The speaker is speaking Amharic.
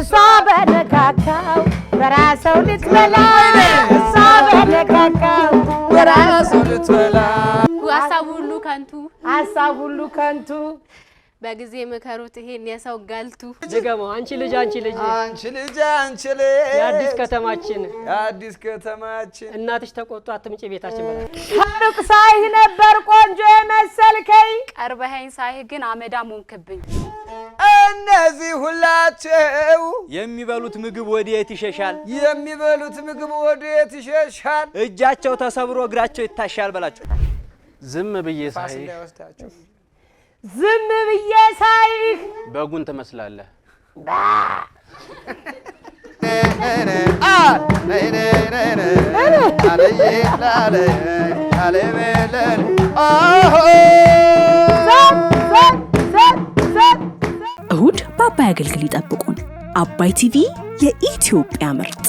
እሷ በነካካው በራሰው ልትበላ እሷ በነካካው በራሰው ልትበላ ሀሳብ ሁሉ ከንቱ ሀሳብ ሁሉ ከንቱ በጊዜ መከሩት ይሄን የሰው ጋልቱ ድገመው። አንቺ ልጅ አንቺ ልጅ አንቺ ልጅ አንቺ ልጅ የአዲስ ከተማችን የአዲስ ከተማችን እናትሽ ተቆጡ አትምጪ ቤታችን ከሩቅ ሳይህ ነበር ቆንጆ የመሰልከኝ ቀርበኸኝ ሳይህ ግን አመዳም ሆንክብኝ። እነዚህ ሁላቸው የሚበሉት ምግብ ወዴት ይሸሻል? የሚበሉት ምግብ ወዴት ይሸሻል? እጃቸው ተሰብሮ እግራቸው ይታሻል በላቸው። ዝም ብዬ ሳይህ ዝም ብዬ ሳይህ በጉን ትመስላለህ። እሁድ በአባይ አገልግል ይጠብቁን። አባይ ቲቪ የኢትዮጵያ ምርጥ